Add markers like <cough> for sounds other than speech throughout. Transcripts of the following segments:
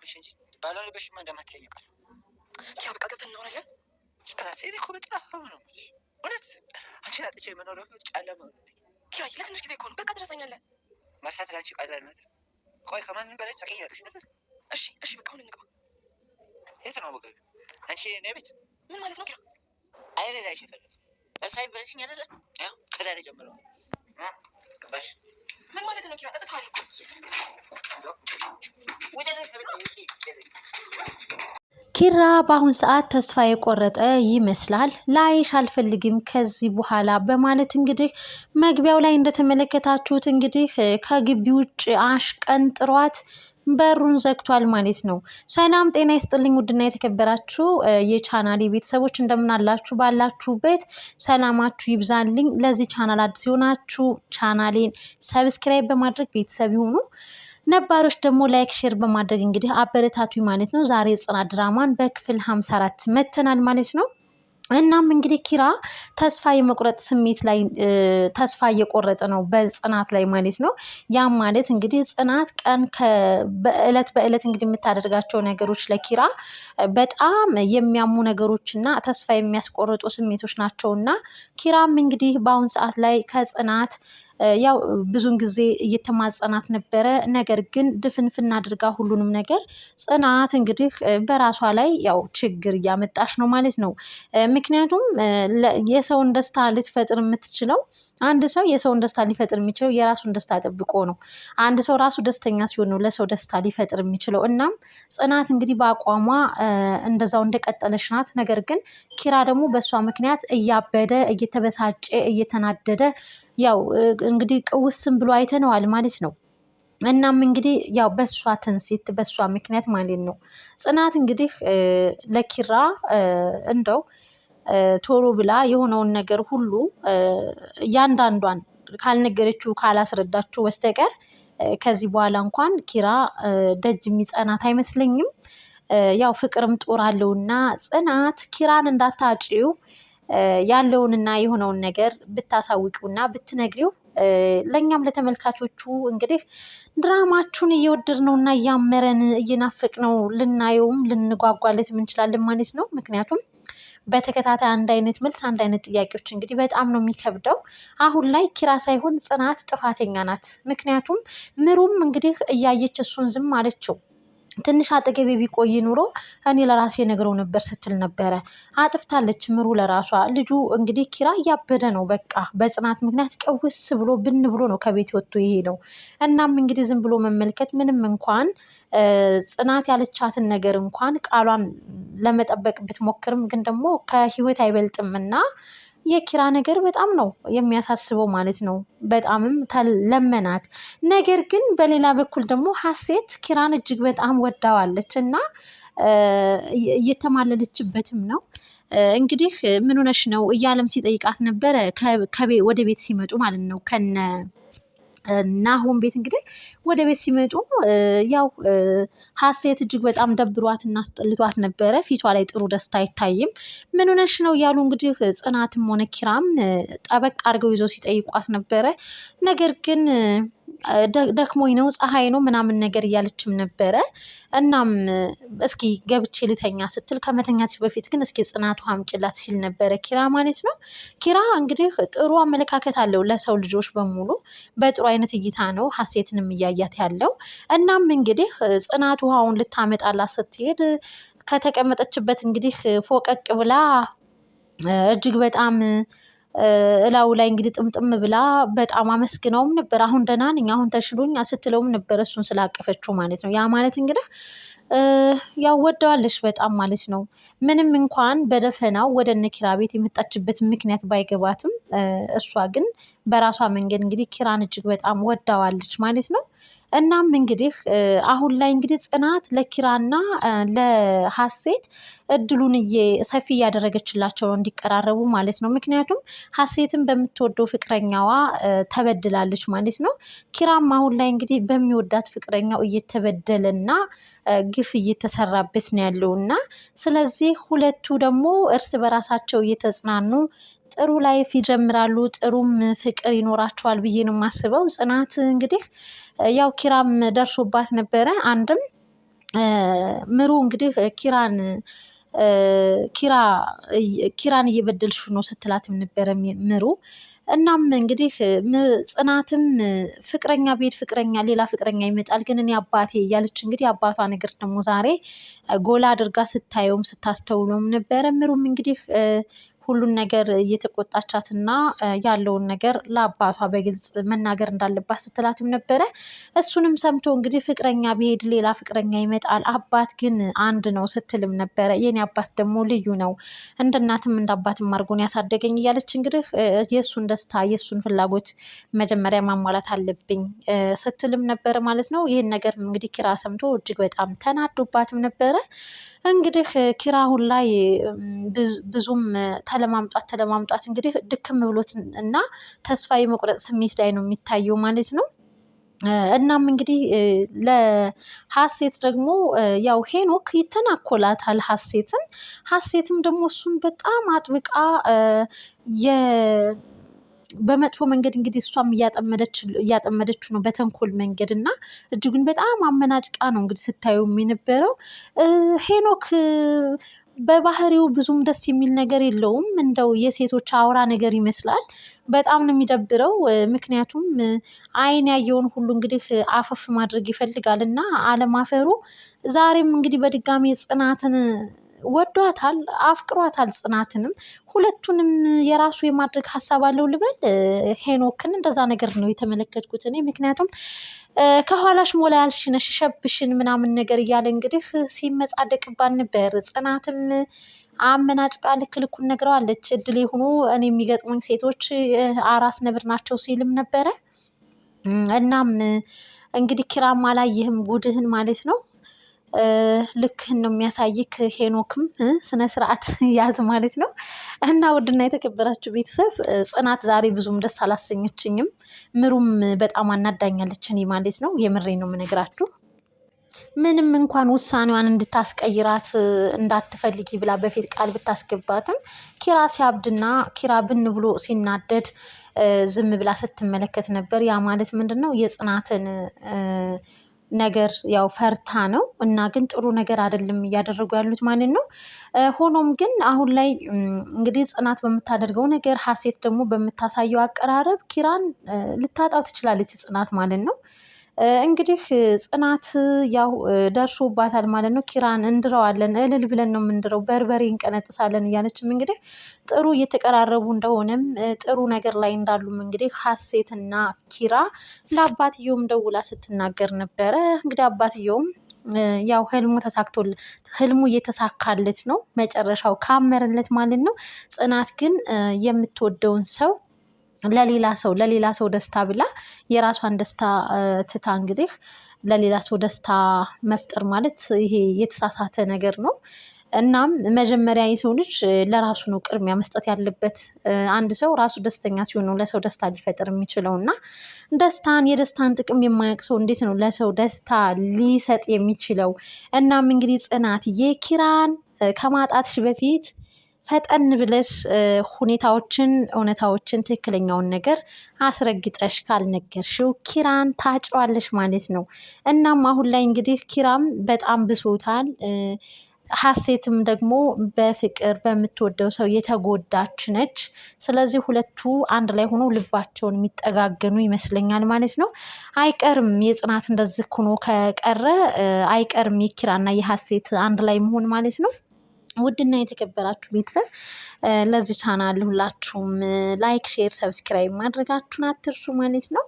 ብለሽ እንጂ ባሏን በሽማ እንደማታየኝ አውቃለሁ። ብቻ በቃ ገብተን እናወራለን። ጽናት እኔ እኮ በጣም ነው እውነት አንቺን አጥቼ የመኖረ ጨለማ ኪራይ ለትንሽ ጊዜ ከሆኑ በቃ ትረሳኛለህ። መርሳት ለአንቺ ቀላል ነው። ቆይ ከማንም በላይ ታውቂኛለሽ። እሺ እሺ በቃ አሁን እንግባ። የት ነው ምግብ? አንቺ እኔ ቤት ምን ማለት ነው? ኪራይ አይኔ ላይ ሸፈለግ እርሳይ በለሽኝ አይደለ? ከዛሬ ጀምረው ባሽ ምን ማለት ነው? ኪራ ጠጥተሃል ኪራ በአሁን ሰዓት ተስፋ የቆረጠ ይመስላል። ላይሽ አልፈልግም ከዚህ በኋላ በማለት እንግዲህ መግቢያው ላይ እንደተመለከታችሁት እንግዲህ ከግቢ ውጭ አሽቀንጥሯት በሩን ዘግቷል ማለት ነው። ሰላም ጤና ይስጥልኝ ውድና የተከበራችሁ የቻናል ቤተሰቦች እንደምናላችሁ፣ ባላችሁበት ሰላማችሁ ይብዛልኝ። ለዚህ ቻናል አዲስ የሆናችሁ ቻናሌን ሰብስክራይብ በማድረግ ቤተሰብ ይሁኑ። ነባሮች ደግሞ ላይክ ሼር በማድረግ እንግዲህ አበረታቱ ማለት ነው። ዛሬ ጽናት ድራማን በክፍል 54 መተናል ማለት ነው። እናም እንግዲህ ኪራ ተስፋ የመቁረጥ ስሜት ላይ ተስፋ እየቆረጠ ነው በጽናት ላይ ማለት ነው። ያም ማለት እንግዲህ ጽናት ቀን በእለት በእለት እንግዲህ የምታደርጋቸው ነገሮች ለኪራ በጣም የሚያሙ ነገሮችና ተስፋ የሚያስቆርጡ ስሜቶች እና ኪራም እንግዲህ በአሁን ሰዓት ላይ ከጽናት ያው ብዙን ጊዜ እየተማጸናት ነበረ። ነገር ግን ድፍንፍን አድርጋ ሁሉንም ነገር ጽናት እንግዲህ በራሷ ላይ ያው ችግር እያመጣች ነው ማለት ነው። ምክንያቱም የሰውን ደስታ ልትፈጥር የምትችለው አንድ ሰው የሰውን ደስታ ሊፈጥር የሚችለው የራሱን ደስታ ጠብቆ ነው። አንድ ሰው ራሱ ደስተኛ ሲሆን ነው ለሰው ደስታ ሊፈጥር የሚችለው። እናም ጽናት እንግዲህ በአቋሟ እንደዛው እንደቀጠለች ናት። ነገር ግን ኪራ ደግሞ በእሷ ምክንያት እያበደ እየተበሳጨ እየተናደደ ያው እንግዲህ ቅውስም ብሎ አይተነዋል ማለት ነው። እናም እንግዲህ ያው በሷ ትንሲት በሷ ምክንያት ማለት ነው ጽናት እንግዲህ ለኪራ እንደው ቶሎ ብላ የሆነውን ነገር ሁሉ እያንዳንዷን ካልነገረችው ካላስረዳችው በስተቀር ከዚህ በኋላ እንኳን ኪራ ደጅ የሚጸናት አይመስለኝም። ያው ፍቅርም ጦር አለውና ጽናት ኪራን እንዳታጭው ያለውንና የሆነውን ነገር ብታሳውቂውና ብትነግሪው ለእኛም ለተመልካቾቹ እንግዲህ ድራማችሁን እና እያመረን እየናፈቅነው ልናየውም ልንጓጓለት እንችላለን ማለት ነው። ምክንያቱም በተከታታይ አንድ አይነት መልስ አንድ አይነት ጥያቄዎች እንግዲህ በጣም ነው የሚከብደው። አሁን ላይ ኪራ ሳይሆን ጽናት ጥፋተኛ ናት። ምክንያቱም ምሩም እንግዲህ እያየች እሱን ዝም አለችው። ትንሽ አጠገቤ ቢቆይ ኑሮ እኔ ለራሴ ነግረው ነበር ስትል ነበረ። አጥፍታለች ምሩ ለራሷ። ልጁ እንግዲህ ኪራ እያበደ ነው። በቃ በጽናት ምክንያት ቀውስ ብሎ ብን ብሎ ነው ከቤት ወጥቶ ይሄ ነው። እናም እንግዲህ ዝም ብሎ መመልከት ምንም እንኳን ጽናት ያለቻትን ነገር እንኳን ቃሏን ለመጠበቅ ብትሞክርም ግን ደግሞ ከህይወት አይበልጥም እና የኪራ ነገር በጣም ነው የሚያሳስበው ማለት ነው። በጣምም ለመናት። ነገር ግን በሌላ በኩል ደግሞ ሀሴት ኪራን እጅግ በጣም ወዳዋለች እና እየተማለለችበትም ነው እንግዲህ ምን ሆነሽ ነው እያለም ሲጠይቃት ነበረ። ወደ ቤት ሲመጡ ማለት ነው ከነ ናሆም ቤት እንግዲህ ወደ ቤት ሲመጡ ያው ሀሴት እጅግ በጣም ደብሯት እና አስጠልቷት ነበረ። ፊቷ ላይ ጥሩ ደስታ አይታይም። ምን ሆነሽ ነው እያሉ እንግዲህ ጽናትም ሆነ ኪራም ጠበቅ አድርገው ይዘው ሲጠይቋት ነበረ። ነገር ግን ደክሞኝ ነው ፀሐይ ነው ምናምን ነገር እያለችም ነበረ። እናም እስኪ ገብቼ ልተኛ ስትል ከመተኛትሽ በፊት ግን እስኪ ጽናቱ አምጪላት ሲል ነበረ ኪራ ማለት ነው። ኪራ እንግዲህ ጥሩ አመለካከት አለው ለሰው ልጆች በሙሉ በጥሩ አይነት እይታ ነው ሀሴትንም እያያት ያለው። እናም እንግዲህ ጽናቱ ውሃውን ልታመጣላት ስትሄድ ከተቀመጠችበት እንግዲህ ፎቀቅ ብላ እጅግ በጣም እላው ላይ እንግዲህ ጥምጥም ብላ በጣም አመስግነውም ነበር። አሁን ደህና ነኝ፣ አሁን ተሽሎኝ ስትለውም ነበር እሱን ስላቀፈችው ማለት ነው። ያ ማለት እንግዲህ ያው ወደዋለች በጣም ማለት ነው። ምንም እንኳን በደፈናው ወደ እነ ኪራ ቤት የመጣችበት ምክንያት ባይገባትም እሷ ግን በራሷ መንገድ እንግዲህ ኪራን እጅግ በጣም ወዳዋለች ማለት ነው። እናም እንግዲህ አሁን ላይ እንግዲህ ጽናት ለኪራና ለሀሴት እድሉን ሰፊ እያደረገችላቸው ነው እንዲቀራረቡ ማለት ነው። ምክንያቱም ሀሴትን በምትወደው ፍቅረኛዋ ተበድላለች ማለት ነው። ኪራም አሁን ላይ እንግዲህ በሚወዳት ፍቅረኛው እየተበደለና ግፍ እየተሰራበት ነው ያለው እና ስለዚህ ሁለቱ ደግሞ እርስ በራሳቸው እየተጽናኑ ጥሩ ላይፍ ይጀምራሉ፣ ጥሩም ፍቅር ይኖራቸዋል ብዬ ነው የማስበው። ጽናት እንግዲህ ያው ኪራም ደርሶባት ነበረ። አንድም ምሩ እንግዲህ ኪራን ኪራ ኪራን እየበደልሽ ነው ስትላትም ነበረ ምሩ። እናም እንግዲህ ጽናትም ፍቅረኛ ቤት ፍቅረኛ ሌላ ፍቅረኛ ይመጣል ግን እኔ አባቴ እያለች እንግዲህ አባቷ ነገር ደግሞ ዛሬ ጎላ አድርጋ ስታየውም ስታስተውለውም ነበረ። ምሩም እንግዲህ ሁሉን ነገር እየተቆጣቻትና ያለውን ነገር ለአባቷ በግልጽ መናገር እንዳለባት ስትላትም ነበረ። እሱንም ሰምቶ እንግዲህ ፍቅረኛ ቢሄድ ሌላ ፍቅረኛ ይመጣል፣ አባት ግን አንድ ነው ስትልም ነበረ። የኔ አባት ደግሞ ልዩ ነው፣ እንደ እናትም እንደ አባትም አድርጎን ያሳደገኝ እያለች እንግዲህ የእሱን ደስታ የእሱን ፍላጎት መጀመሪያ ማሟላት አለብኝ ስትልም ነበረ ማለት ነው። ይህን ነገር እንግዲህ ኪራ ሰምቶ እጅግ በጣም ተናዶባትም ነበረ። እንግዲህ ኪራ አሁን ላይ ብዙም ተለማምጧት ተለማምጧት እንግዲህ ድክም ብሎት እና ተስፋ የመቁረጥ ስሜት ላይ ነው የሚታየው ማለት ነው። እናም እንግዲህ ለሀሴት ደግሞ ያው ሄኖክ ይተናኮላታል ሀሴትን ሀሴትም ደግሞ እሱን በጣም አጥብቃ በመጥፎ መንገድ እንግዲህ እሷም እያጠመደች ነው በተንኮል መንገድ እና እጅጉን በጣም አመናጭቃ ነው እንግዲህ ስታዩ የነበረው ሄኖክ በባህሪው ብዙም ደስ የሚል ነገር የለውም። እንደው የሴቶች አውራ ነገር ይመስላል። በጣም ነው የሚደብረው። ምክንያቱም አይን ያየውን ሁሉ እንግዲህ አፈፍ ማድረግ ይፈልጋል እና አለማፈሩ ዛሬም እንግዲህ በድጋሚ ጽናትን ወዷታል፣ አፍቅሯታል ጽናትንም ሁለቱንም የራሱ የማድረግ ሀሳብ አለው ልበል። ሄኖክን እንደዛ ነገር ነው የተመለከትኩት እኔ። ምክንያቱም ከኋላሽ ሞላ ያልሽነሽ ሸብሽን ምናምን ነገር እያለ እንግዲህ ሲመጻደቅባን ነበር። ጽናትም አመናጭቃ ልክ ልኩን ነግረዋለች። እድሌ ሆኖ እኔ የሚገጥሙኝ ሴቶች አራስ ነብር ናቸው ሲልም ነበረ። እናም እንግዲህ ኪራም አላየህም ጉድህን ማለት ነው ልክ ነው የሚያሳይክ። ሄኖክም ስነ ስርዓት <laughs> ያዝ ማለት ነው። እና ውድና የተከበራችሁ ቤተሰብ ጽናት ዛሬ ብዙም ደስ አላሰኘችኝም። ምሩም በጣም አናዳኛለች፣ እኔ ማለት ነው። የምሬ ነው የምነግራችሁ። ምንም እንኳን ውሳኔዋን እንድታስቀይራት እንዳትፈልጊ ብላ በፊት ቃል ብታስገባትም ኪራ ሲያብድና ኪራ ብን ብሎ ሲናደድ ዝም ብላ ስትመለከት ነበር። ያ ማለት ምንድን ነው የጽናትን ነገር ያው ፈርታ ነው እና ግን ጥሩ ነገር አይደለም እያደረጉ ያሉት ማለት ነው። ሆኖም ግን አሁን ላይ እንግዲህ ጽናት በምታደርገው ነገር ሀሴት ደግሞ በምታሳየው አቀራረብ ኪራን ልታጣው ትችላለች ጽናት ማለት ነው። እንግዲህ ጽናት ያው ደርሶባታል ማለት ነው። ኪራን እንድረዋለን እልል ብለን ነው የምንድረው፣ በርበሬ እንቀነጥሳለን እያለችም እንግዲህ ጥሩ እየተቀራረቡ እንደሆነም ጥሩ ነገር ላይ እንዳሉም እንግዲህ ሀሴትና ኪራ ለአባትየውም ደውላ ስትናገር ነበረ። እንግዲህ አባትየውም ያው ህልሙ ተሳክቶ ህልሙ እየተሳካለት ነው፣ መጨረሻው ካመረለት ማለት ነው። ጽናት ግን የምትወደውን ሰው ለሌላ ሰው ለሌላ ሰው ደስታ ብላ የራሷን ደስታ ትታ እንግዲህ ለሌላ ሰው ደስታ መፍጠር ማለት ይሄ የተሳሳተ ነገር ነው። እናም መጀመሪያ የሰው ልጅ ለራሱ ነው ቅድሚያ መስጠት ያለበት። አንድ ሰው ራሱ ደስተኛ ሲሆን ነው ለሰው ደስታ ሊፈጥር የሚችለው እና ደስታን የደስታን ጥቅም የማያውቅ ሰው እንዴት ነው ለሰው ደስታ ሊሰጥ የሚችለው? እናም እንግዲህ ጽናት ኪራን ከማጣትሽ በፊት ፈጠን ብለሽ ሁኔታዎችን፣ እውነታዎችን፣ ትክክለኛውን ነገር አስረግጠሽ ካልነገርሽው ኪራን ታጨዋለሽ ማለት ነው። እናም አሁን ላይ እንግዲህ ኪራም በጣም ብሶታል። ሀሴትም ደግሞ በፍቅር በምትወደው ሰው የተጎዳች ነች። ስለዚህ ሁለቱ አንድ ላይ ሆኖ ልባቸውን የሚጠጋገኑ ይመስለኛል ማለት ነው። አይቀርም የጽናት እንደዚህ ሆኖ ከቀረ አይቀርም የኪራና የሀሴት አንድ ላይ መሆን ማለት ነው። ውድና የተከበራችሁ ቤተሰብ ለዚህ ቻናል ሁላችሁም ላይክ፣ ሼር፣ ሰብስክራይብ ማድረጋችሁን አትርሱ ማለት ነው።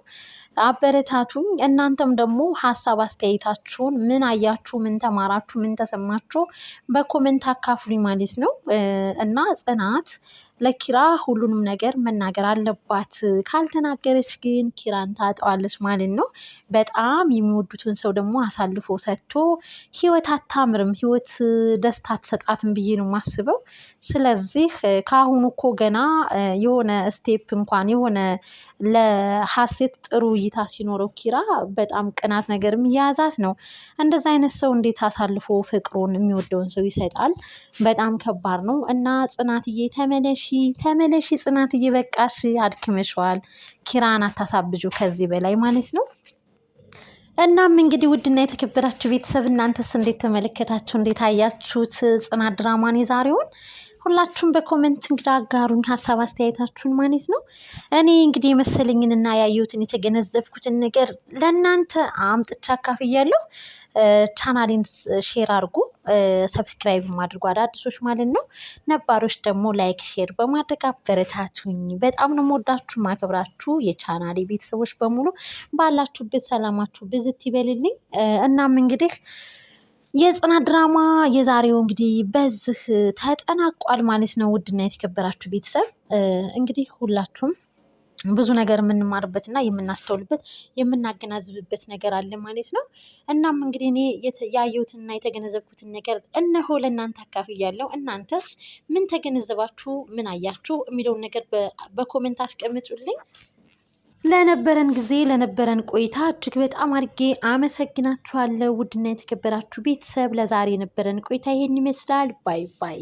አበረታቱኝ። እናንተም ደግሞ ሀሳብ አስተያየታችሁን ምን አያችሁ፣ ምን ተማራችሁ፣ ምን ተሰማችሁ በኮመንት አካፍሉኝ ማለት ነው እና ጽናት ለኪራ ሁሉንም ነገር መናገር አለባት። ካልተናገረች ግን ኪራን ታጠዋለች ማለት ነው። በጣም የሚወዱትን ሰው ደግሞ አሳልፎ ሰጥቶ ህይወት አታምርም፣ ህይወት ደስታ አትሰጣትም ብዬ ነው የማስበው። ስለዚህ ከአሁኑ እኮ ገና የሆነ ስቴፕ እንኳን የሆነ ለሀሴት ጥሩ እይታ ሲኖረው ኪራ በጣም ቅናት ነገር እያያዛት ነው። እንደዚ አይነት ሰው እንዴት አሳልፎ ፍቅሩን የሚወደውን ሰው ይሰጣል? በጣም ከባድ ነው እና ጽናትዬ ተመለሽ ተመለሺ ጽናት በቃሽ፣ አድክመሸዋል። ኪራን አታሳብጁ ከዚህ በላይ ማለት ነው። እናም እንግዲህ ውድና የተከበራችሁ ቤተሰብ እናንተስ እንዴት ተመለከታችሁ? እንዴት አያችሁት ጽናት ድራማን የዛሬውን? ሁላችሁም በኮመንት እንግዲህ አጋሩኝ ሀሳብ አስተያየታችሁን ማለት ነው። እኔ እንግዲህ የመሰለኝንና ያየሁትን የተገነዘብኩትን ነገር ለእናንተ አምጥቻ አካፍያለሁ። ቻናሊን ሼር አድርጉ፣ ሰብስክራይብ አድርጉ አዳዲሶች ማለት ነው። ነባሮች ደግሞ ላይክ፣ ሼር በማድረግ አበረታቱኝ። በጣም ነው የምወዳችሁ ማክብራችሁ የቻናሌ ቤተሰቦች በሙሉ ባላችሁበት ሰላማችሁ ብዝት ይበልልኝ። እናም እንግዲህ የጽናት ድራማ የዛሬው እንግዲህ በዚህ ተጠናቋል ማለት ነው። ውድና የተከበራችሁ ቤተሰብ እንግዲህ ሁላችሁም ብዙ ነገር የምንማርበት እና የምናስተውልበት የምናገናዝብበት ነገር አለ ማለት ነው። እናም እንግዲህ እኔ ያየሁትንና የተገነዘብኩትን ነገር እነሆ ለእናንተ አካፍያለሁ። እናንተስ ምን ተገነዘባችሁ? ምን አያችሁ? የሚለውን ነገር በኮሜንት አስቀምጡልኝ። ለነበረን ጊዜ ለነበረን ቆይታ እጅግ በጣም አድርጌ አመሰግናችኋለሁ። ውድና የተከበራችሁ ቤተሰብ ለዛሬ የነበረን ቆይታ ይሄን ይመስላል። ባይ ባይ።